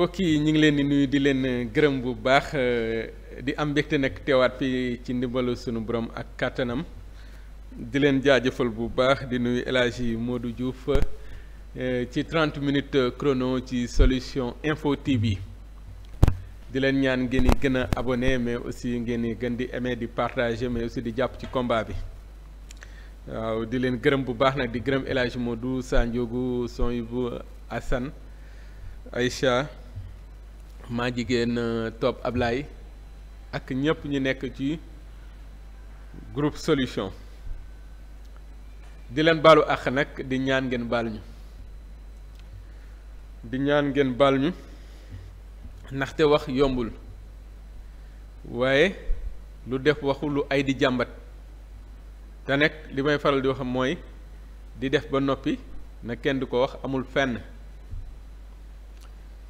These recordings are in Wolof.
mbokk yi ñu ngi leen di nuyu di leen euh, gërëm bu baax euh, di am mbégte nag teewaat bi ci ndimbalu sunu borom ak kàttanam di leen jaajëfal bu baax di nuyu El Hadji Modou Diouf euh, ci 30 minutes chrono ci solution info yi di leen ñaan ngeen di gën a abonné mais aussi ngeen di gën di aimer di partage mais aussi di jàpp ci combat bi waaw di leen gërëm bu baax nag di gërëm El Hadji Modou Sandiogu assan ay Aïcha maa jigéen euh, topp Ablaye ak ñépp ñu nekk ci groupe solution di leen baalu àq nag di ñaan ngeen baal ñu di ñaan ngeen baal ñu ndaxte wax yombul waaye lu def waxu lu ay di jàmbat te nekk li may faral di waxam mooy di def ba noppi na kenn du ko wax amul fenn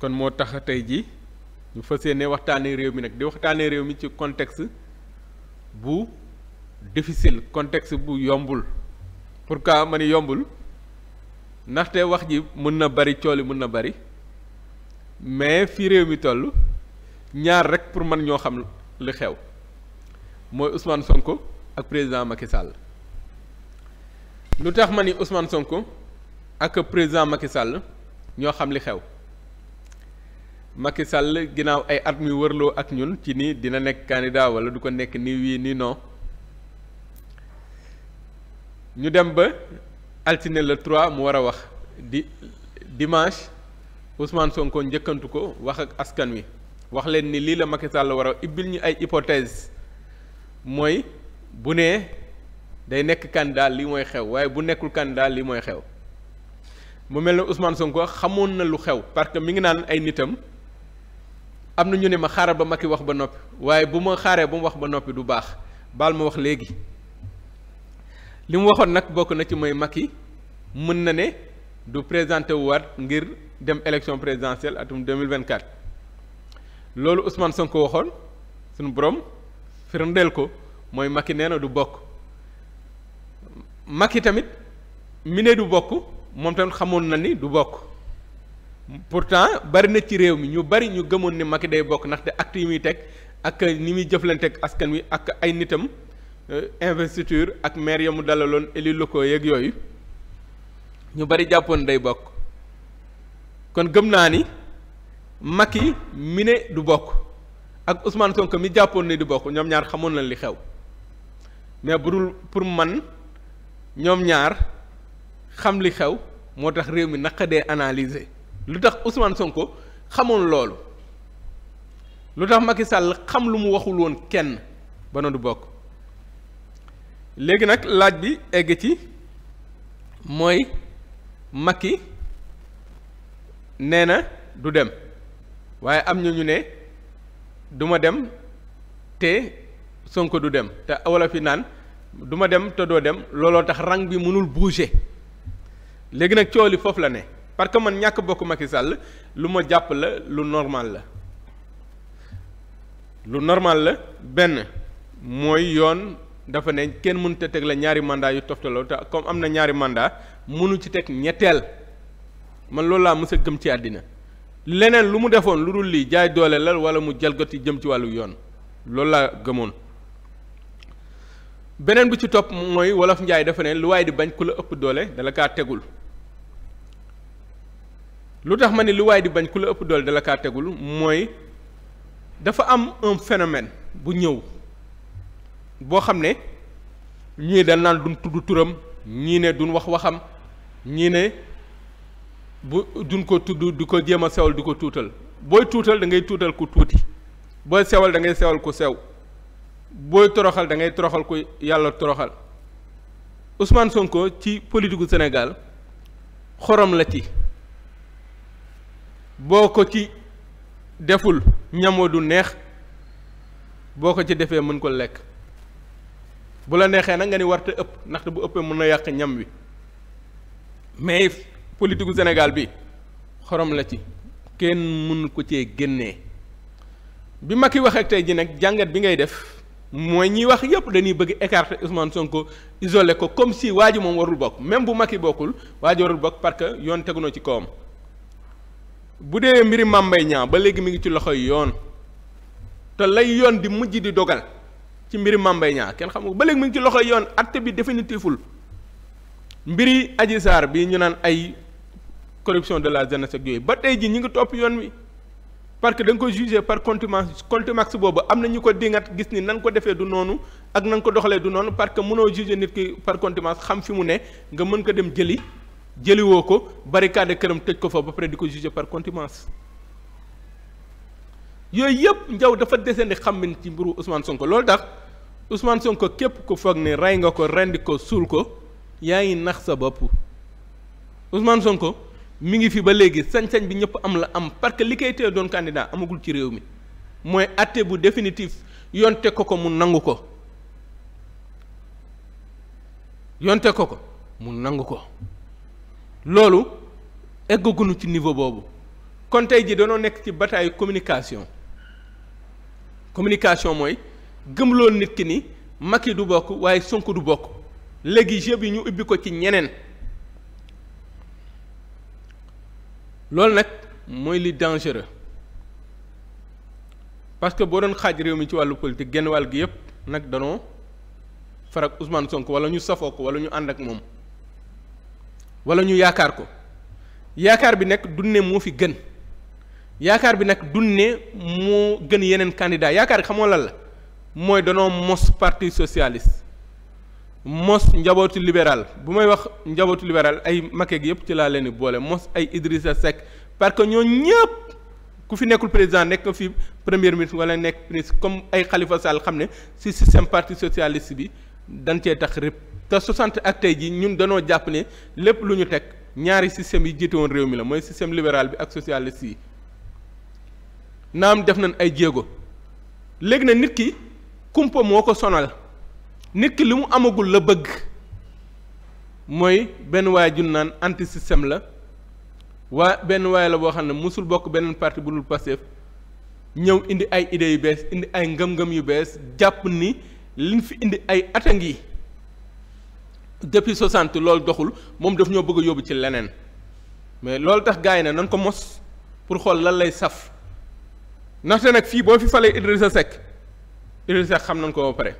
kon moo tax tey ji ñu fas yéene waxtaanee réew mi nag di waxtaanee réew mi ci contexte bu difficile contexte bu yombul pourquoi ma ni yombul ndaxte wax ji mën na bari cooli mën na bari mais fi réew mi toll ñaar rek pour man ñoo xam li xew mooy Ousmane Sonko ak président Macky Sall lu tax ma ni Ousmane Sonko ak président Macky Sall ñoo xam li xew. Macky Sall ginnaaw ay at mi wërloo ak ñun ci ni dina nekk candidat wala du ko nekk ni wii ni non ñu dem ba altine la 3 mu war a wax di dimanche Ousmane Sonko njëkkantu ko wax ak askan wi wax leen ni lii la Macky Sall war a ibbil ñu ay hypothèse mooy bu nee day nekk candidat lii mooy xew waaye bu nekkul candidat lii mooy xew mu mel ne Ousmane Sonko xamoon na lu xew parce que mi ngi naan ay nitam am na ñu ne ma xaaral ba Macky wax ba noppi waaye bu ma xaaree ba mu wax ba noppi du baax baal ma wax léegi li mu waxoon nag bokk na ci mooy Macky mën na ne du présenté wu ngir dem élection présidentielle atum 2024 loolu Ousmane ko waxoon suñu borom firndeel ko mooy Macky nee na du bokk Macky tamit mi ne du bokk moom tamit xamoon na ni du bokk pourtant bari na ci réew mi ñu bari ñu gëmoon ni Macky day bokk ndaxte akti yi muy teg ak ni muy jëflanteeg askan wi ak ay nitam euh, investiture ak maire ya mu dalaloon élus locaux yooyu ñu bari jàppoon day bokk kon gëm naa ni yi mu ne du bokk ak usmaan Sonko mi jàppoon ne du bokk ñoom ñaar xamoon na li xew mais bu dul pour man ñoom ñaar xam li xew moo tax réew mi naqadee analyser lu tax Ousmane Sonko xamoon loolu lu tax makki sàll xam lu mu waxul woon kenn ba du bokk léegi nag laaj bi egg ci mooy Macky nee na du dem waaye am ñu ñu ne duma dem te Sonko du dem te wala fi naan duma dem te doo dem looloo tax rang bi mënul bouger léegi nag cooli foofu la ne parce que man ñàkk bokk Macky Sall lu ma jàpp la lu normal la lu normal la benn mooy yoon dafa ne kenn mënut a teg la ñaari mandat yu toftaloo te comme am na ñaari mandat mënu ci teg ñetteel man loolu laa mës a ci àddina leneen lu mu defoon lu dul lii jaay doole la wala mu jalgati jëm ci wàllu yoon loolu laa gëmoon beneen bi ci topp mooy wolof njaay dafa ne lu waaye di bañ ku la ëpp doole dala kaa tegul lu tax ma ne lu waay di bañ ku la ëpp doole dala kaa tegul mooy dafa am un phénomène bu ñëw boo xam ne ñii dañ naan duñ tudd turam ñii ne duñ wax waxam ñii ne bu dun ko tudd du ko jéem a sewal di ko tuutal booy tuutal da ngay tuutal ku tuuti booy sewal da ngay sewal ku sew booy toroxal da ngay toroxal ku yàlla toroxal Ousmane Sonko ci politique senegal xorom la ci. boo ko ci deful ñamo du neex boo ko ci defee mën ko lekk bu la neexee nag nga ni warte ëpp ndaxte bu ëppee mën na yàq ñam wi mais politique gu bi xorom la ci kenn mën ko cee génnee bi ma ki waxee tey ji nag jàngat bi ngay def mooy ñiy wax yépp dañuy bëgg écarter Ousmane Sonko isole ko comme si waa ji moom warul bokk même bu Macky bokkul waa ji warul bokk parce que yoon tegu na ci kawam bu dee mbiri Mame Mbaye ba léegi mi ngi ci loxoy yoon te lay yoon di mujj di dogal ci mbiri Mame ñaa kenn xam nga ba léegi mi ngi ci loxoy yoon acte bi définitiful mbiri Adji Sarr bi ñu naan ay corruption de la jeunesse ak yooyu ba tey ji ñi ngi topp yoon wi parce que da ko jugé par contumace contumace boobu am na ñu ko dingat gis ni nan ko defee du noonu ak nan ko doxalee du noonu parce que mënoo jugé nit ki par contumace xam fi mu ne nga mën ko dem jëli jëliwoo ko barricade këram tëj ko fa ba pare di ko juger par contumace yooyu yëpp njaw dafa desandi xammin ci mbiru Ousmane Sonko loolu tax Ousmane Sonko képp ko foog ne rey nga ko rendi ko suul ko yaa ngi nax sa bopp Ousmane Sonko mu ngi fi ba léegi sañ-sañ bi ñëpp am la am parce que li koy téye doon candidat amagul ci réew mi mooy àtte bu définitif yoon teg ko ko mu nangu ko yoon teg ko ko mu nangu ko. loolu eggaguñu ci niveau boobu kon tey jii danoo nekk ci bataille communication communication mooy gëm gëmloon nit ki ni Macky du bokk waaye Sonko du bokk léegi jeu bi ñu ubbi ko ci ñeneen loolu nag mooy li dangereux parce que boo doon xaaj réew mi ci wàllu politique genn wàll gi yépp nag danoo farak Ousmane Sonko wala ñu safoo ko wala ñu ànd ak moom wala ñu yaakaar ko yaakaar bi nag dunne moo fi gën yaakaar bi nag dunne moo gën yeneen candidat yaakaar xamoo lan la mooy danoo mos parti socialiste mos njabootu libéral bu may wax njabootu libéral ay makeeg yëpp ci laa leen di boole mos ay Idrissa Seck parce que ñoo ñëpp ku fi nekkul président nekk fi premier ministre wala nekk ministre comme ay Khalifa Sall xam ne si système parti socialiste bi dañ cee tax rëpp te 60 ak tey jii ñun dañoo jàpp ne lépp lu ñu teg ñaari système yi jiite woon réew mi la mooy système libéral bi ak socialiste yi naam def nañ ay jéego léegi na nit ki kumpa moo ko sonal nit ki li mu amagul la bëgg mooy benn waay jun naan anti système la waa benn waay la boo xam ne mosul bokk beneen partie bu dul Pastef ñëw indi ay idées yu bees indi ay ngëm-ngëm yu bees jàpp ni liñ fi indi ay atang yi depuis 60 loolu doxul moom daf ñoo bëgg a yóbbu ci leneen mais loolu tax gars yi ne nan ko mos pour xool lan lay saf ndaxte nag fii boo fi falee Idrissa Seck Idrissa Seck xam nañ ko pare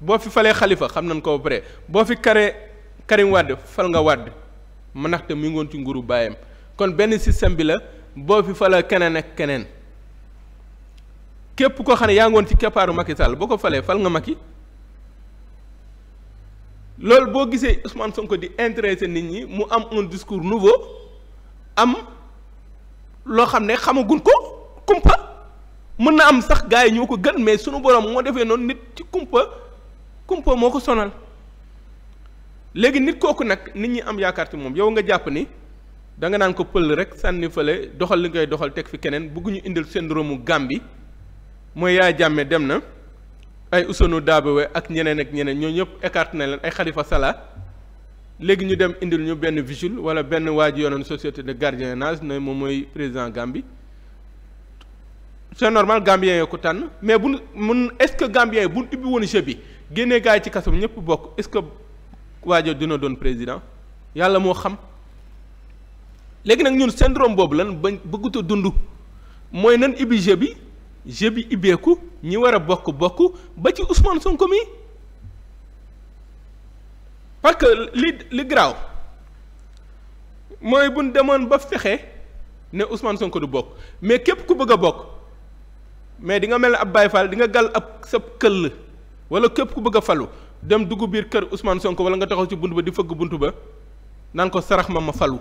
boo fi falee Khalifa xam nañ ko ba pare boo fi kare Karim Wade fal nga Wade ma ndaxte mu ngoon ci nguru baayam kon benn système bi la boo fi falee keneen ak keneen képp koo xam ne yaa ngoon ci keppaaru Macky Sall boo ko falee fal nga yi loolu boo gisee Ousmane Sonko di intéressé nit ñi mu am un discours nouveau am loo xam ne xamaguñ ko kumpa mën na am sax gars yi ñoo ko gën mais sunu borom moo defee noonu nit ci kumpa kumpa moo ko sonal léegi nit kooku nag nit ñi am yaakaar ci moom yow nga jàpp ni da nga naan ko pël rek sànni fële doxal li ngay doxal teg fi keneen bëgguñu indil seen mu Gàmbi mooy Yaya Jammeh dem na. ay Ousseynou Dabewe ak ñeneen ak ñeneen ñoo ñëpp écarté na leen ay Khalifa Salah léegi ñu dem indil ñu benn vigile wala benn waaj ji société de gardiennage ne moom mooy président Gambie c'est normal Gambien ko tànn mais bu mun est-ce que Gambien yi bu ibbi ubbi woon jeu bi génnee gars ci kaso bi ñëpp bokk est-ce que waajo dina doon président yàlla moo xam léegi nag ñun syndrome boobu lan bañ bëggut a dund mooy nan ubbi jeu bi jeu bi ibbeeku ñi war a bokk bokk ba ci Ousmane Sonko mi parce que li li garaaw mooy buñ demoon ba fexe ne usmaan Sonko du bokk mais képp ku bëgg a bokk mais di nga mel ne ab baay Fall di nga gal ab sa këll wala képp ku bëgg a falu dem dugg biir kër Ousmane Sonko wala nga taxaw ci bunt ba di fëgg bunt ba naan ko sarax ma ma falu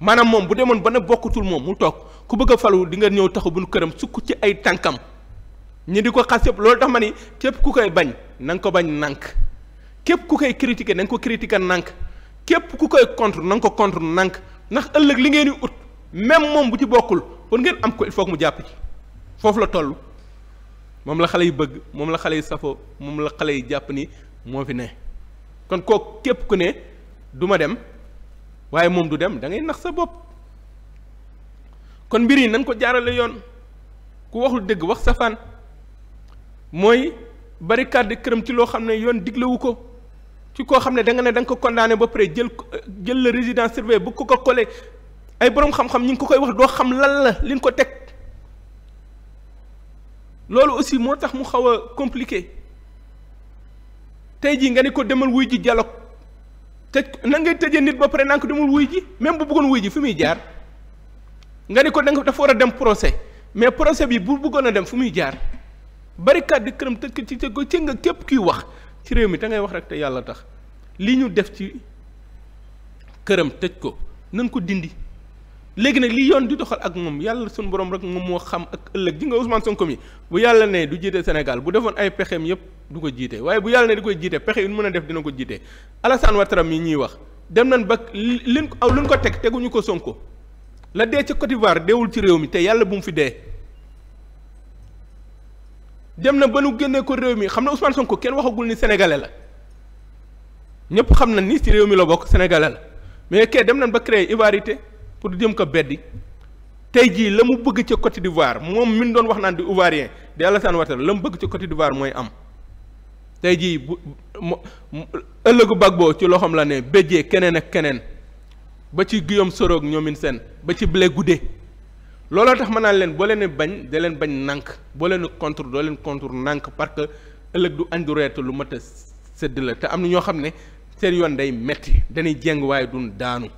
maanaam moom bu demoon ba ne bokkutul moom mu toog. ku bëgg a falu di nga ñëw taxu buñu këram sukk ci ay tànkam ñi di ko xas yëpp loolu tax ma ni képp ku koy bañ nanga ko bañ nànk képp ku koy critiquer na nga ko critiquer nànk képp ku koy contre na ko contre nànk ndax ëllëg li ngeen di ut même moom bu ci bokkul pour ngeen am ko il faut mu jàpp ci foofu la toll moom la xale yi bëgg moom la xale yi safo moom la xale yi jàpp ni moo fi ne kon kook képp ku ne duma dem waaye moom du dem da ngay nax sa bopp kon mbir yi nañ ko jaarale yoon ku waxul dëgg wax safaan mooy bari kàddu këram ci loo xam ne yoon diglewu ko ci koo xam ne danga ne da nga ko condamné ba pare jël jël la résidence surveillée bu ko ko collé ay boroom xam-xam ñu ngi ko koy wax doo xam lan la li nga ko teg loolu aussi moo tax mu xaw a compliqué tey jii nga ne ko demal wuy ji dialogue te nan ngay tëjee nit ba pare naa ko demul wuy ji même bu bëggoon wuy ji fi muy jaar. nga ni ko da nga dafa war a dem procès mais procès bi bu bëggoon a dem fu muy jaar barricade di këram tëj ci tëj ko ci nga képp kuy wax ci réew mi da ngay wax rek te yàlla tax li ñu def ci këram tëj ko nan ko dindi léegi nag li yoon di doxal ak moom yàlla suñu borom rek moom moo xam ak ëllëg ji nga Ousmane Sonko mi bu yàlla ne du jiite senegal bu defoon ay pexeem yëpp du ko jiite waaye bu yàlla ne di koy jiite pexe yu mën a def dina ko jiite Alassane Ouattara mi ñuy wax dem nañ ba liñ aw luñ ko teg teguñu ko Sonko la dee ca Côte d'Ivoire deewul ci réew mi te yàlla bu mu fi dee dem na ba nu génnee ko réew mi xam na son Sonko kenn waxagul ni sénégalais la ñëpp xam na ni ci réew mi la bokk sénégalais la mais kee dem nañ ba créer ivoirité pour jëm ko beddi tey jii la mu bëgg ca Côte d'Ivoire moom min doon wax naan di ivoirien di Alassane Ouattara la mu bëgg ca Côte d'Ivoire mooy am tey jii bu ëllëgu Gbagbo ci loo xam la ne béjjee keneen ak keneen. ba ci Guillaume Soro ñoomin seen ba ci Blé Goudé looloo tax mën naa leen boo leen bañ da bañ nànk boo leen contre doo leen contre nànk parce que ëllëg du añ du reet lu mat a sëdd la te am na ñoo xam ne seen yoon day metti dañuy jéng waaye duñ daanu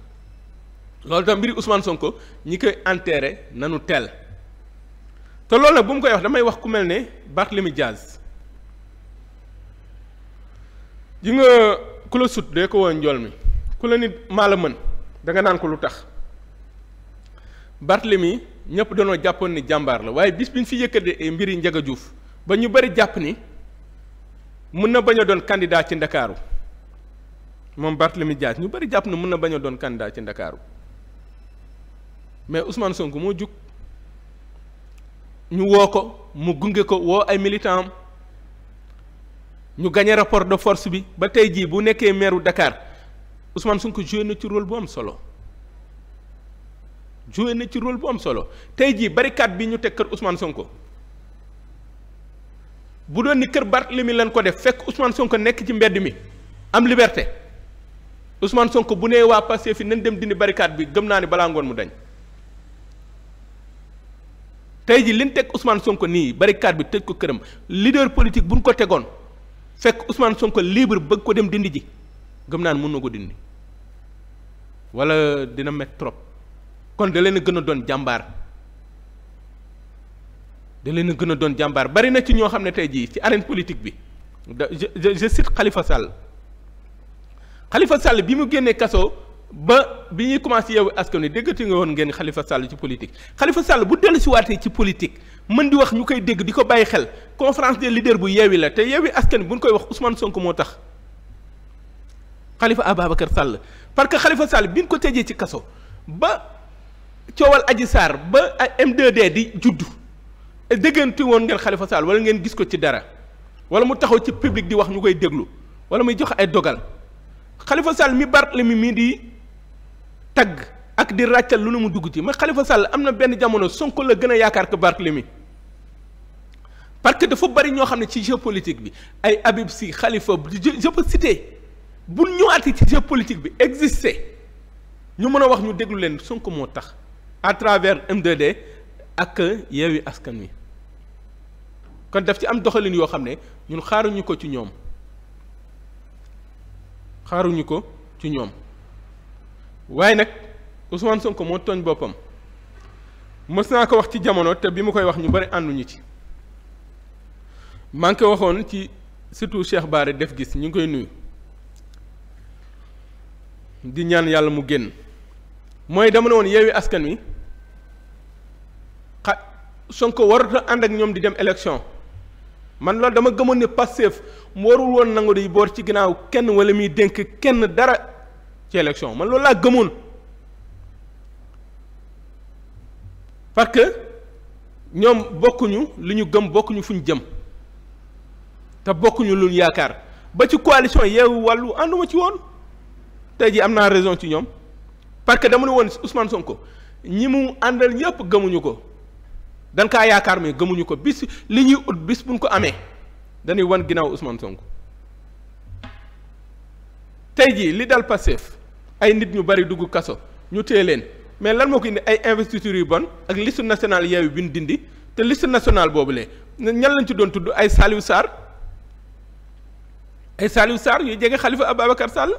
loolu tam mbiri Ousmane Sonko ñi koy enterré nanu teel te loolu nag bu mu koy wax damay wax ku mel ne Barthélemy Diaz ji nga ku la sut de ko woon njool mi ku la nit maa la mën danga naan ko lu tax Barthélemy ñëpp dañoo jàppoon ni jàmbaar la waaye bis bi ñu fi yëkkatee eh, mbiri Ndiaga juuf ba ñu bari jàpp ni mun na bañ a doon candidat ci ndakaaru moom Barthélemy Dias ñu bari jàpp na mun na bañ a doon candidat ci ndakaaru mais Ousmane Sonko moo jug ñu woo ko mu gunge ko woo ay militant am ñu gañe rapport de force bi ba tey jii bu nekkee meeru Dakar Ousmane Sonko joué na ci rôle bu am solo joué na ci rôle bu am solo tey jii barricade bi ñu teg kër usmaan Sonko bu doon ni kër Barthélemy leen ko def fekk Ousmane Sonko nekk ci mbedd mi am liberté Ousmane Sonko bu nee waa Pastef fi nañ dem dindi barricade bi gëm naa ne balaa ngoon mu dañ tey ji liñ teg Ousmane Sonko nii barricade bi tëj ko këram leader politique buñ ko tegoon fekk Ousmane Sonko libre bëgg ko dem dindi ji. gëm naan mën na ko dindi wala dina met trop kon da leen a gën a doon jàmbaar da leen gën a doon jàmbaar bari na ci ñoo xam ne tey jii ci arène politique bi da je je cite Khalifa Sall Khalifa Sall bi mu génnee kaso ba bi ñuy commencé yow askan wi déggati nga woon ngeen xalifa Sall ci politique Khalifa Sall bu dellu si waatee ci politique mën di wax ñu koy dégg di ko bàyyi xel conférence des leaders bu yeewi la te yeewi askan bi bu ñu koy wax Ousmane sonk moo tax. Khalifa Ababacar Sall parce que Khalifa bi ñu ko tëjee ci kaso ba coowal Adji Sarr ba m 2 di juddu dégganti woon ngeen Khalifa Sall wala ngeen gis ko ci dara wala mu taxaw ci public di wax ñu koy déglu wala muy jox ay dogal Khalifa Sall mi Barthélemy mi di tagg ak di ràccal lu nu mu dugg ci mais Khalifa Sall am na benn jamono Sonko la gën a yaakaar ko Barthélemy parce que dafa bari ñoo xam ne ci géopolitique bi ay Habib Sy Khalifa je peux bu ñëwaatee ci jeu politique bi existé ñu mën a wax ñu déglu leen Sonko moo tax à travers m 2 ak Yewwi Askan Wi kon daf ci am doxalin yoo xam ne ñun xaaruñu ko ci ñoom xaaruñu ko ci ñoom waaye nag Ousmane Sonko moo tooñ boppam mës naa ko wax ci jamono te bi mu koy wax ñu bari ànduñu ci maa ngi ko waxoon ci surtout Cheikh Bara def gis ñu ngi koy nuyu. di ñaan yàlla mu génn mooy dama ne woon yeewi askan wi xa Sonko warut a ànd ak ñoom di dem élection man loolu dama gëmoon ne Pastef mu warul woon nangu di boor ci ginnaaw kenn wala muy dénk kenn dara ci élection man loolu laa gëmoon parce que ñoom bokkuñu lu ñu gëm bokkuñu fu ñu jëm te bokkuñu lu ñu yaakaar ba ci coalition yeewu wàllu ànduma ci woon. tey jii am naa raison ci ñoom parce que dama won woon Ousmane Sonko ñi mu àndal ñëpp gëmuñu ko dañ yaakaar mais gëmuñu ko bis li ñuy ut bis buñ ko amee dañuy wan ginnaaw Ousmane Sonko tey jii li dal Pastef ay nit ñu bari dugg kaso ñu téye leen mais lan moo ko indi ay investitures yu bon ak liste national Yewwi bi ñu dindi te liste national boobu lee ñan lañ ci doon tudd ay Saliou Sarr ay Saliou Sarr yu jege Khalifa Ababacar Sall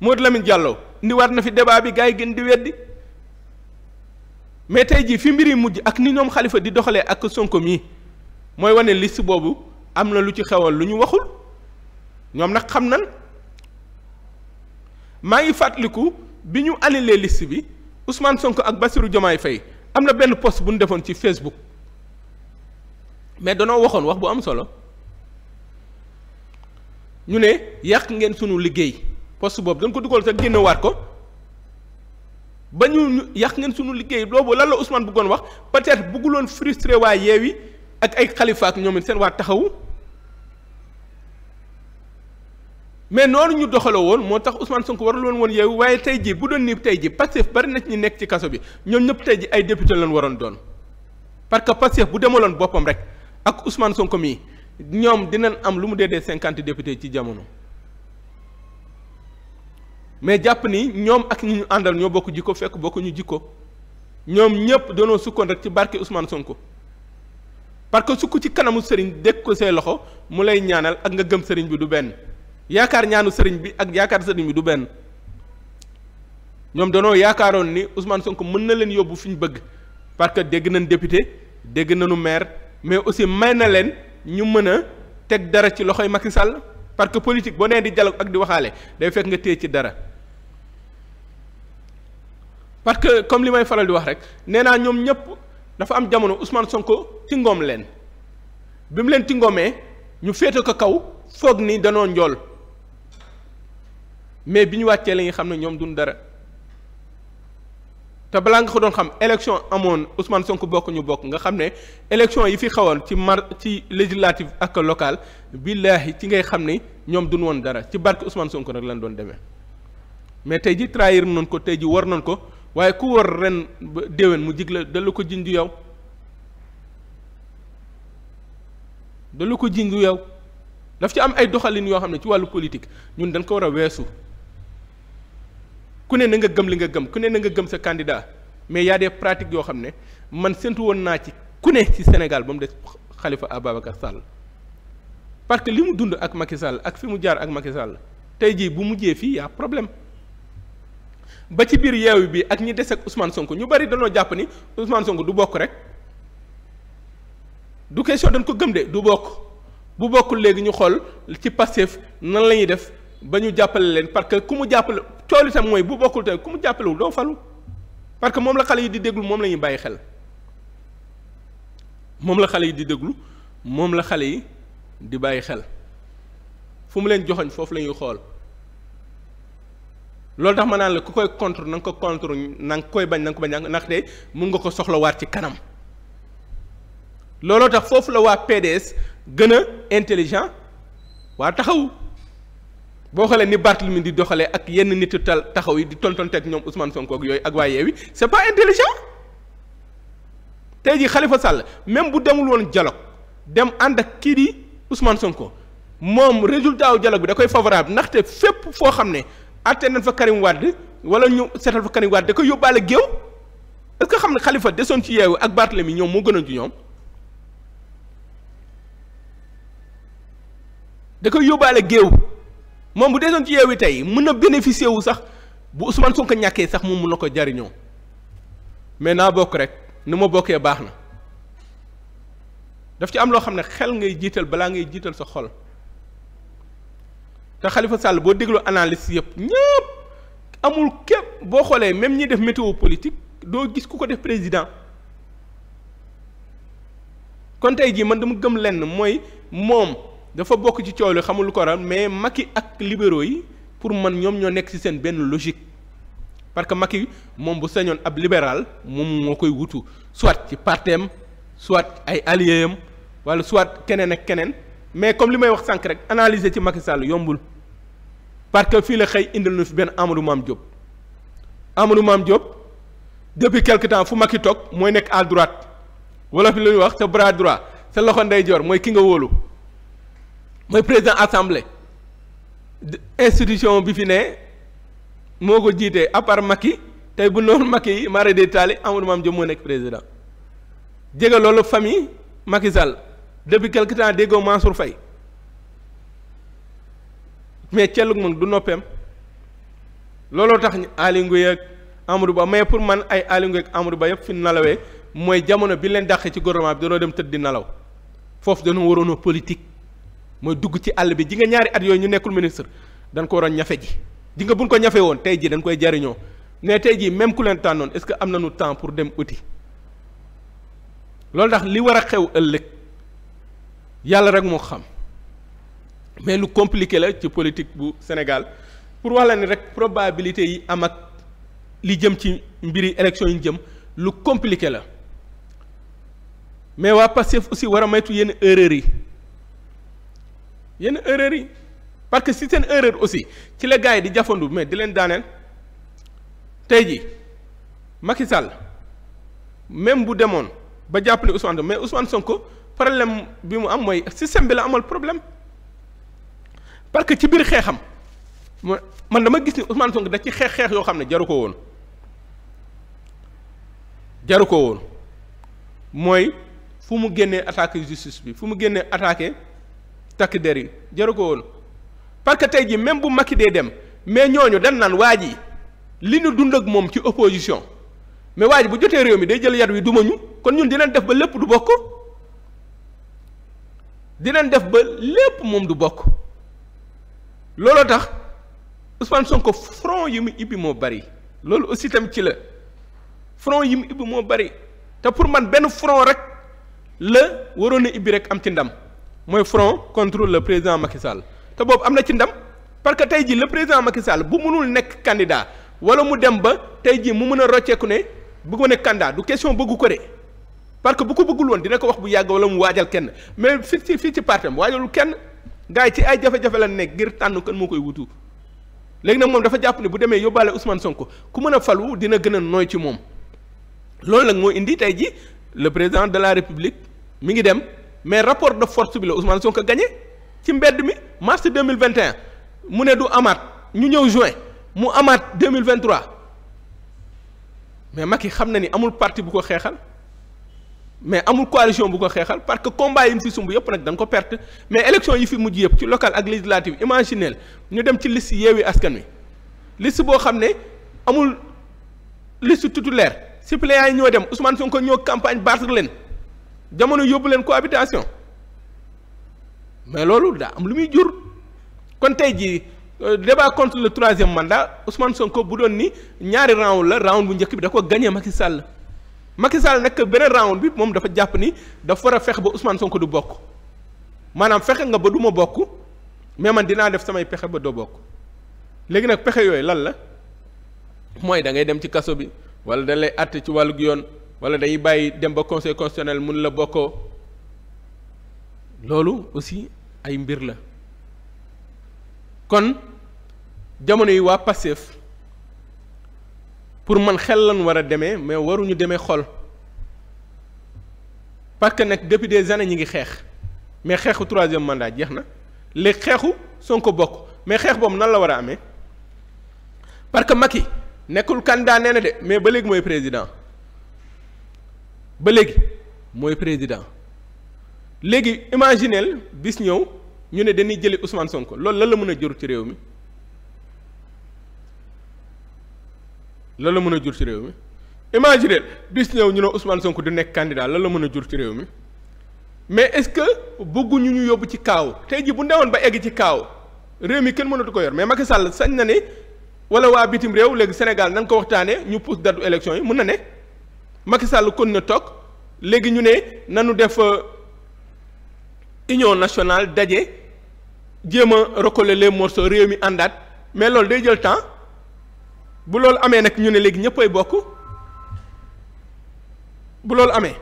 Modou Lamine Diallo ndiwaat na fi débat bi gars yi gën di weddi mais tey jii fi mbir mujj ak ni ñoom xalifa di doxalee ak Sonko mii mooy wane liste boobu am na lu ci xewal lu ñu waxul ñoom nag xam nan maa ngi fàttaliku bi ñu annulé list bi Ousmane Sonko ak Bassirou Diomaye Faye am na benn post bu ñu defoon ci Facebook mais danoo waxoon wax bu am solo ñu ne yàq ngeen sunu liggéey poste boobu dañ ko dugal te génnewaat ko ba ñu yax ngeen sunu liggéey boobu lan la Ousmane buggoon wax peut-être bëgguloon frustré waa Yewwi ak ay Khalifa ak ñoom seen waa taxawu mais noonu ñu doxale woon moo tax Ousmane Sonko warul woon woon Yewwi waaye tey jii bu doon nii tey ji Pastef bari na ci nekk ci kaso bi ñoom ñëpp tey ji ay député lañ waroon doon parce que Pastef bu demaloon boppam rek ak Ousmane Sonko mii ñoom dinañ am lu mu dee dee cinquante député ci jamono. mais jàpp ni ñoom ak ñi ñu àndal ñoo bokk jikko fekk bokkuñu jikko ñoom ñëpp doonoo sukkoon rek ci barke Ousmane Sonko parce que sukk ci kanamu sëriñ dégg ko say loxo mu lay ñaanal ak nga gëm sëriñ bi du benn yaakaar ñaanu sëriñ bi ak yaakaar sëriñ bi du benn ñoom danoo yaakaaroon ni Ousmane Sonko mën na leen yóbbu fi ñu bëgg parce que dégg nañ député dégg nañu maire mais aussi may na leen ñu mën a teg dara ci loxoy Macky Sall parce que politique boo nee di dialogue ak di waxaale day fekk nga téye ci dara. parce que comme li may faral di wax rek nee naa ñoom ñëpp dafa am jamono Ousmane Sonko ngoom leen bi mu leen tingoomee ñu féete ko kaw foog ni danoo jool mais bi ñu wàccee la nga xam ne ñoom duñ dara te balaa nga ko doon xam élection amoon usman Sonko bokk ñu bokk nga xam ne élection yi fi xawoon ci mar ci législative ak local billaahi ci ngay xam ni ñoom duñ woon dara ci barke Ousmane Sonko nag lañ doon demee mais tey ji trahir nañ ko tey ji war nañ ko waaye ku wër ren ba déwén mu jig la dala ko jinju yow dala ko jinju yow daf ci am ay doxalin yoo xam ne ci wàllu politique ñun dañ ko war a weesu ku ne na nga gëm li nga gëm ku ne na nga gëm sa candidat mais y a des pratiques yoo xam ne man séntu woon naa ci ku ne ci Sénégal ba mu des Khalifa Ababacar Sall parce que li mu dund ak Macky Sall ak fi mu jaar ak Macky Sall tey jii bu mujjee fii y problème ba ci biir yeewu bi ak ñi des ak Ousmane Sonko ñu bari dañoo jàpp ni Ousmane Sonko du bokk rek du question dañ ko gëm de du bokk bu bokkul léegi ñu xool ci Pastef nan la ñuy def ba ñu jàppale leen parce que ku mu jàppale cool itam mooy bu bokkul tamit ku mu jàppalewul doo falu parce que moom la xale yi di déglu moom la ñuy bàyyi xel moom la xale yi di déglu moom la xale yi di bàyyi xel fu mu leen joxoñ foofu la ñuy xool. loolu tax ma naan la ku koy contre na nga ko contre na nga koy bañ na nga ko bañ ndax de mun nga ko soxlawaat ci kanam looloo tax foofu la waa PDS gën a intelligent waa taxaw boo xoolee ni Barthélemy di doxalee ak yenn nitu tal taxaw yi di tontonteeg ñoom Ousmane Sonko ak yooyu ak waa Yewwi c'est pas intelligent tey jii Khalifa Sall même bu demul woon dialogue dem ànd ak kii di Ousmane Sonko moom résultat wu dialogue bi da koy favorable ndaxte fépp foo xam ne. atte nañ fa Karim Wade wala ñu seetal fa Karim Wade da koy yóbbaale géew est-ce xam ne xalifa desoon ci yeewu ak Barthélemy ñoom moo a ju ñoom da koy yóbbaale géew moom bu desoon ci yeewu tey mën na bénéficier wu sax bu soo ko ñàkkee sax moom mun na ko jariñoo mais naa bokk rek nu ma bokkee baax na daf ci am loo xam ne xel ngay jiital balaa ngay jiital sa xol te Khalifa Sall boo déglu analyse yëpp ñëpp amul képp boo xoolee même ñi def météo politique doo gis ku ko def président kon tey jii man dama gëm lenn mooy moom dafa bokk ci coow li xamul lu ko waral mais Macky ak libéro yi pour man ñoom ñoo nekk ci seen benn logique parce que Macky moom bu señoon ab libéral moom moo koy wutu soit ci partem soit ay allié am wala soit keneen ak keneen mais comme li may wax sànq rek analyser ci Macky Sall yombul parce que fii la xëy indil na fi benn Amadou Mame Diop Amadou Mame Diop depuis quelque temps fu Macky toog mooy nekk à droite wala fi lu ñuy wax sa bras droit sa loxo ndeyjoor mooy ki nga wóolu mooy président assemblée institution bi fi ne moo ko jiitee à part Macky tey bu noonu Macky yi mara de taali Amadou Mame Diop moo nekk président jege loolu famille Macky Sall. depuis quelque temps déggoo Mansour Faye mais cellug mag du noppeem looloo tax Aly Ngouille ak Amadou Ba mais pour man ay Aly Ngouille ak Ba yëpp fi nelawee mooy jamono bi leen dàqee ci gouvernement bi danoo dem tëdd di nalaw foofu dañoo waroon politique mooy dugg ci àll bi ji nga ñaari at yooyu ñu nekkul ministre dañ ko waroon ñafe ji ji nga buñ ko ñafe woon tey jii dañ koy jariñoo mais tey jii même ku leen tànnoon est-ce que am nañu temps pour dem uti loolu tax li war a xew ëllëg yàlla rek moo xam mais lu compliqué la ci politique bu Sénégal pour wax la ni rek probabilité yi amat li jëm ci mbiri élection yi jëm lu compliqué la mais waa Pastef aussi war a moytu yenn erreurs yi yenn erreurs yi parce que si seen erreur aussi ci la gars yi di jafandu mais di leen daaneel tey ji Macky Sall même bu demoon ba jàppale Ousmane mais Ousmane ko problème bi mu am mooy système bi la amal problème parce que ci biir xeexam man dama gis ni Ousmane Sonko da ci xeex xeex yoo xam ne jaru ko woon jaru ko woon mooy fu mu génnee attaqué justice bi fu mu génnee attaqué takk der yi jaru ko woon parce que tey jii même bu Macky dee dem mais ñooñu dañ naan waa yi li ñu dund ak moom ci opposition mais waaj bu jotee réew mi day jël yar wi duma ñu kon ñun dinañ def ba lépp du bokk. dinañ def ba lépp moom du bokk looloo tax Ousmane ko front yi mu ibbi moo bari loolu aussi tam ci la front yi mu ibbi moo bari te pour man benn front rek la waroon na ibbi rek am ci ndam mooy front contre le président Macky te boobu am na ci ndam parce que tey jii le président Macky Sall bu mënul nekk candidat wala mu dem ba tey jii mu mën a rocceeku ne bëgg ko nekk candidat du question bëggu ko de. parce que bu ko bëggul woon dina ko wax bu yàgg wala mu waajal kenn mais fii ci fii ci partam waajalul kenn gars ci ay jafe-jafe la nekk ngir tànn kan moo koy wutu léegi nag moom dafa jàpp ne bu demee yóbbaale Ousmane Sonko ku mën a falu dina gën a nooy ci moom loolu nag moo indi tey ji le président de la république mi ngi dem mais rapport de force bi la Ousmane Sonko gagné ci mbedd mi mars 2021 mu ne du amaat ñu ñëw juin mu amaat 2023 mais yi xam na ni amul parti bu ko xeexal mais amul coalition bu ko xeexal parce que combat yi mu fi sumb yëpp nag da ko perte mais élection yi fi mujj yëpp ci local ak législative imaginel ñu dem ci liste yeewi askan wi liste boo xam ne amul liste titulaire suppléants yi ñoo dem Ousmane Sonko ñoo campagne battre leen jamono yóbbu leen cohabitation mais loolu daa am lu muy jur kon tey jii euh, débat contre le troisième mandat Ousmane Sonko bu doon ni ñaari round la round bu njëkk bi da ko gagné Macky Sall. Macky Sall nag beneen round bi moom dafa jàpp ni dafa war a fexe ba Ousmane ko du bokk maanaam fexe nga ba du ma bokk mais man dinaa def samay pexe ba doo bokk léegi nag pexe yooyu lan la mooy da ngay dem ci kaso bi wala dañ lay àtte ci wàllug yoon wala dañuy bàyyi dem ba conseil constitutionnel mun la bokkoo loolu aussi ay mbir la kon jamono yi waa Pastef pour man xel lan war a demee mais waruñu demee xol parce que nag depuis des années ñi ngi xeex mais xeexu troisième mandat jeex na léegi xeexu Sonko bokk mais xeex boobu nan la war a amee parce que Macky nekkul candidat nee na de mais ba léegi mooy président ba léegi mooy président léegi imaginel bis ñëw ñu ne dañuy jëli Ousmane Sonko loolu lan la mën a jur ci réew mi lan la mën a jur ci réew mi imaginer bis ñëw ñu ne Ousmane Sonko di nekk candidat lan la mën a jur ci réew mi mais est-ce que bëgguñu ñu yóbbu ci kaaw tey jii bu ndewoon ba egg ci kaaw réew mi kenn mënatu ko yor mais Macky Sall sañ na ni wala waa bitim réew léegi Sénégal nan ko waxtaanee ñu pousse datu élection yi mën na ne Macky Sall kon na toog léegi ñu ne nanu def euh, union nationale daje jéem a recoller les morceaux réew mi àndaat mais loolu day jël temps. bu loolu amee nag ñu ne léegi ñëppay bokk bu loolu amee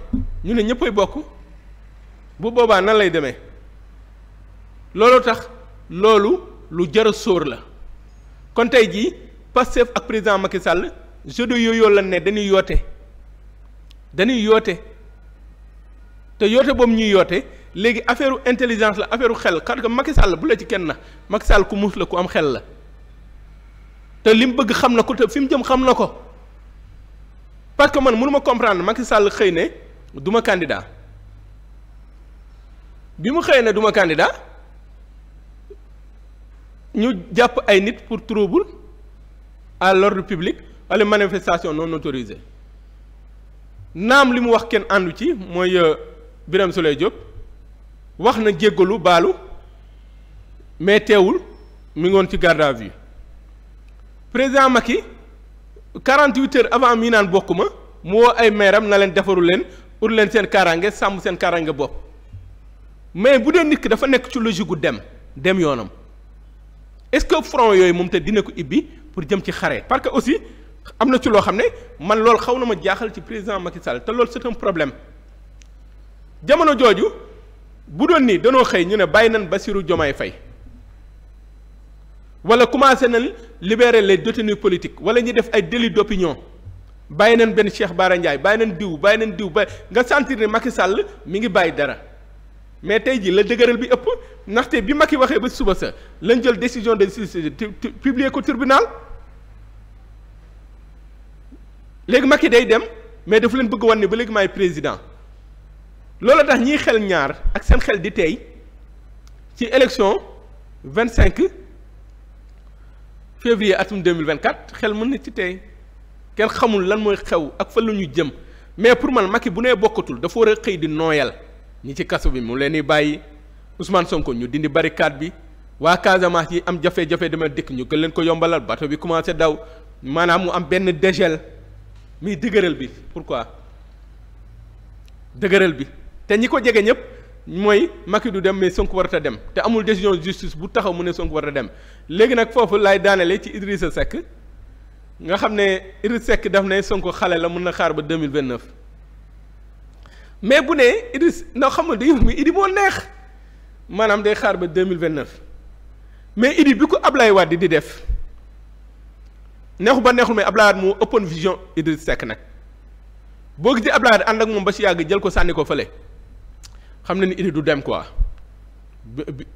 ñu ne ñëppay bokk bu boobaa na lay demee loolu tax loolu lu jar a sóor la kon tey jii Pastef ak président Macky Sall jeu de yooyu la ne dañuy yoote dañuy yoote te yoote boobu ñuy yoote léegi affaire intelligence la affaire xel xam nga Macky Sall bu la ci kenn na Macky ku muus la ku am xel la. te li mu bëgg xam na ko te fi mu jëm xam na ko parce que man mënu ma comprendre Macky sàll xëy ne duma ma bi mu xëyee ne duma ma ñu jàpp ay nit pour trouble à l'ordre public wala manifestation non autorisée naam li mu wax kenn àndu ci mooy euh, biram Souleye Diop wax na jéggalu baalu mais teewul mi ngoon ci garde à président Macky 48 heures avant mii naan bokk ma mu woo ay meeram na leen defaru leen ut leen seen kaaraange sàmm seen kaaraange bopp mais bu dee nit ki dafa nekk ci logique gu dem dem yoonam est-ce que front yooyu moom te dina ko ibbi pour jëm ci xare parce que aussi am na ci loo xam ne man loolu xaw na ma jaaxal ci président Macky Sall te loolu c'est un problème jamono jooju bu doon ni danoo xëy ñu ne bàyyi nañ Bassirou Diomaye Faye wala commencé nañ libérer les détenus politiques wala ñu def ay délit d'opinion bàyyi nañ benn Cheikh Bara Ndiaye bàyyi nañ diw bàyyi nañ diw ba nga sentir ne sàll mi ngi bàyyi dara mais tey jii la dëgëral bi ëpp ndaxte bi Macky waxee ba suba sa lañ jël décision de publier ko tribunal léegi Macky day dem mais dafa leen bëgg wan ne ba léegi may président loolu tax ñiy xel ñaar ak seen xel di tey ci élection vingt cinq février atum 2024 xel mën na ci tey kenn xamul lan mooy xew ak fan la ñu jëm mais pour man Macky bu nee bokkatul dafa war a xëy di nooyal ñi ci kaso bi mu leen di bàyyi Ousmane Sonko ñu dindi barricade bi waa Casamance yi am jafe-jafe dama dikk ñu gën leen ko yombalal bato bi commencé daw maanaam mu am benn dégel muy dëgëral bi pour quoi dëgëral bi te ñi ko jege ñëpp. mooy Macky du dem mais Sonko warut a dem te amul décision justice bu taxaw mu ne Sonko warut a dem léegi nag foofu laay daanele ci Idrissa Seck nga xam ne Idrissa Seck daf ne Sonko xale la mën na xaar ba deux mille vingt neuf mais bu ne Idriss ndax xam nga day mi Idi moo neex maanaam day xaar ba deux mille vingt neuf mais Idi bi ko Ablaye Wade di def neexu ba neexul mais Ablaye Wade moo ëppoon vision Idrissa Seck nag boo gisee Ablaye Wade ànd ak moom ba si yàgg jël ko sànni ko fële. xam na ni Idriss du dem quoi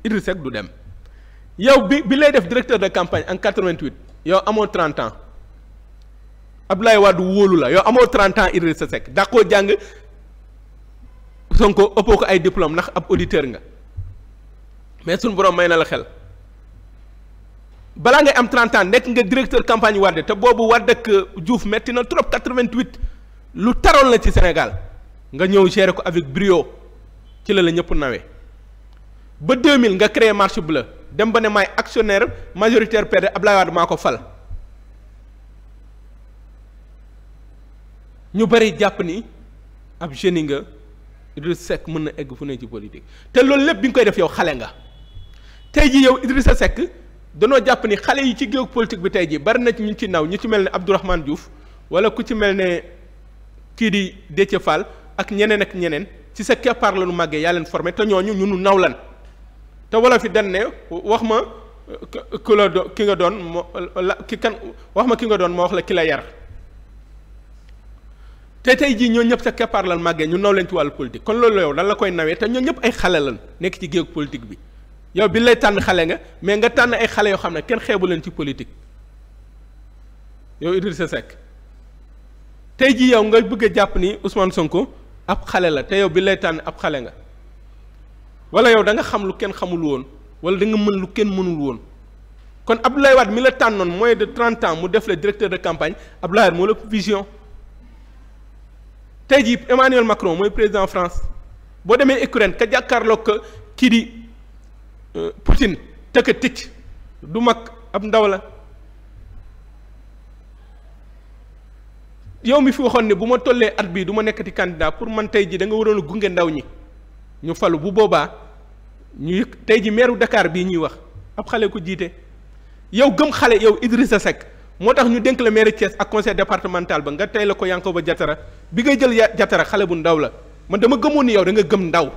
Idriss Seck du dem yow bi bi lay def directeur de campagne en 88 yow amoo 30 ans Abdoulaye Wade wóolu la yow amoo 30 ans sa Seck daa koo jàng Sonko ëppoo ko ay diplôme ndax ab auditeur nga mais suñu borom may na la xel balaa ngay am 30 ans nekk nga directeur campagne Wade te boobu Wade ak Diouf metti na trop 88 lu taroon la ci Sénégal nga ñëw gérer ko avec brio. ci la la ñëpp nawee ba 2000 nga créé marche bleue dem ba ne maay actionnaire majoritaire PD Abdoulaye Wade maa ko fal ñu bari jàpp ni ab jeune nga Idrissa mën na egg fu ne ci politique te loolu lépp bi nga koy def yow xale nga tey ji yow Idrissa sekk danoo jàpp ni xale yi ci géew politique bi tey jii bari na ci ñu ci naw ñu ci mel ne Abdourahmane Diouf wala ku ci mel ne kii di Déthié ak ñeneen ak ñeneen ci sa keppaar la nu màggee yàlla leen formé te ñooñu ñunu naw lan te wala fi dañ ne wax ma ku do ki nga doon moo kan wax ma ki nga doon ma wax la ki la yar te tey jii ñoo ñëpp sa keppaar lan màggee ñu naw leen ci wàllu politique kon loolu yow dan la koy nawee te ñoo ñëpp ay xale lan nekk ci géeg politique bi yow bi lay tànn xale nga mais nga tànn ay xale yoo xam ne kenn xeebu leen ci politique yow sa Seck tey jii yow nga bëgg a jàpp ni Ousmane Sonko ab xale la te yow bi lay tànn ab xale nga walla yow danga xam lu kenn xamul woon wala da nga mën lu kenn mënul woon kon Abdoulaye Wade mi la tànnoon moins de trente ans mu def la directeur de campagne Abdoulaye Wade moo la vision tey jii Emmanuel Macron mooy président France boo demee Ukraine ka jàkkaarloog kii di euh, Poutine tëkk ticc du mag ab ndaw la. yow mi fi waxoon ne bu ma tollee at bii duma ma nekkati candidat pour man tey ji danga nga waroon a gunge ndaw ñi ñu falu bu boobaa ñu tey ji meeru dakaar bii ñuy wax ab xale ko jiite yow gëm xale yow Idrissa Seck moo tax ñu dénk la maire Thiès ak conseil départemental ba nga tey la ko ba Diatara bi ngay jël Diatara xale bu ndaw la man dama gëmoon ni yow danga gëm ndaw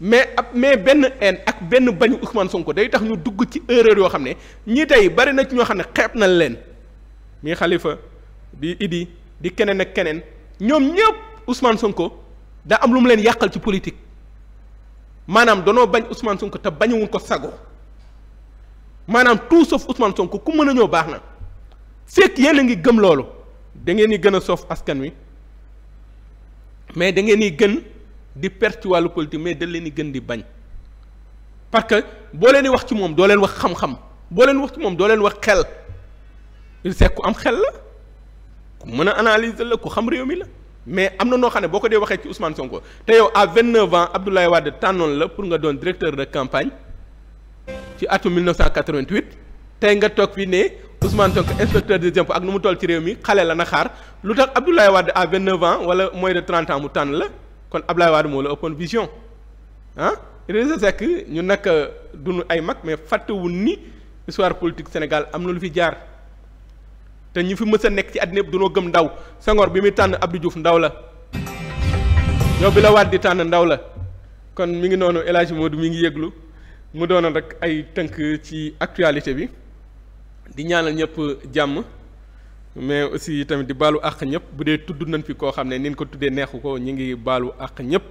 mais ab mais benn haine ak benn bañu Ousmane Sonko day tax ñu dugg ci erreur yoo xam ne ñii tey bari na ci ñoo xam ne xeeb na leen mi Khalifa di Idi di keneen ak keneen ñoom ñëpp Ousmane Sonko daa am lu mu leen yàqal ci politique maanaam danoo bañ Ousmane Sonko te bañuwuñ ko sago maanaam tout sauf Ousmane Sonko ku mën a ñëw baax na fekk yéen a ngi gëm loolu da ngeen di gën a soof askan wi mais da ngeen di gën di perte ci wàllu politique mais leen di gën di bañ parce que boo leen di wax ci moom doo leen wax xam-xam boo leen wax ci moom doo leen wax xel il c'est am xel la. ku mën a analyser la ku xam réew mi la mais am na noo xam ne boo ko dee waxee ci Ousmane Sonko te yow à 29 ans Abdoulaye Wade tànnoon la pour nga doon directeur de campagne ci atum 1988 tey nga toog fii ne Ousmane Sonko inspecteur des impôts ak nu mu toll ci réew mi xale la na xaar lu tax Abdoulaye Wade à 29 ans wala moins de 30 ans mu tànn la kon Abdoulaye Wade moo la ëppoon vision ah Idrissa Seck ñu nag euh, duñu ay mag mais fàtte wu ni histoire politique Sénégal am na lu fi jaar. te ñi fi mës a nekk ci àddina bi dunoo gëm ndaw Senghor bi muy tànn Abdou Diouf ndaw la yow bi la waat di tànn ndaw la kon mi ngi noonu El Hadj Modou mi ngi yëglu mu doonoon rek ay tënk ci actualité bi di ñaanal ñëpp jàmm mais aussi tamit di baalu àq ñëpp bu dee tudd nañ fi koo xam ne ni ko tuddee neexu ko ñu ngi baalu àq ñëpp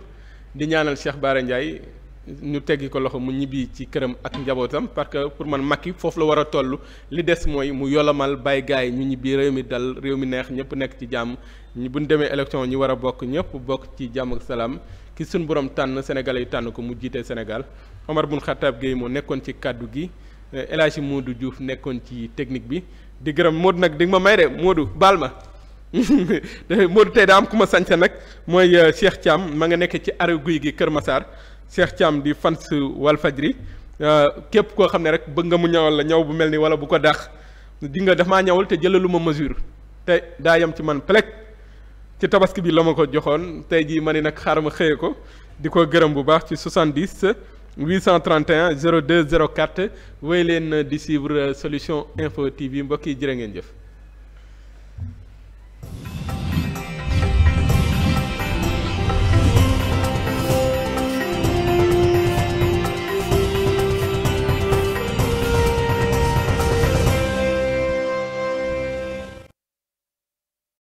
di ñaanal Cheikh Bara Ndiaye ñu teggi ko loxo mu ñibbi ci këram ak njabootam parce que pour man mag Macky foofu la war a toll li des mooy mu yolomal bàyyi gaay ñu ñibbi réew mi dal réew mi neex ñëpp nekk ci jàmm ñu bu ñu demee élection ñi war a bokk ñëpp bokk ci jàmm ak salaam ki suñu borom tànn sénégal yi tànn ko mu jiite Sénégal Omar Bun Khattab Gueye moo nekkoon ci kàddu gi El Hadji Modou Diouf nekkoon ci technique bi di gërëm Modou nag di nga ma may de Modou baal ma Modou tey daa am ku ma sant nag mooy euh, Cheikh Thiam ma nga nekk ci aru guy gi Kër Massar. Cheikh Thiam di fans Walfadjri euh, képp koo xam ne rek bëgg nga mu ñawal la ñaw bu mel ni wala bu ko dàq di nga daf maa ñawul te jëlalu ma mesure te daa yem ci man plek ci tabaski bi la ma ko joxoon tey jii ma ni nag xaaral ma xëyee ko di ko gërëm bu baax ci 70 831 02 04 wéy leen di suivre Solution Info TV mbokk yi jërë ngeen jëf.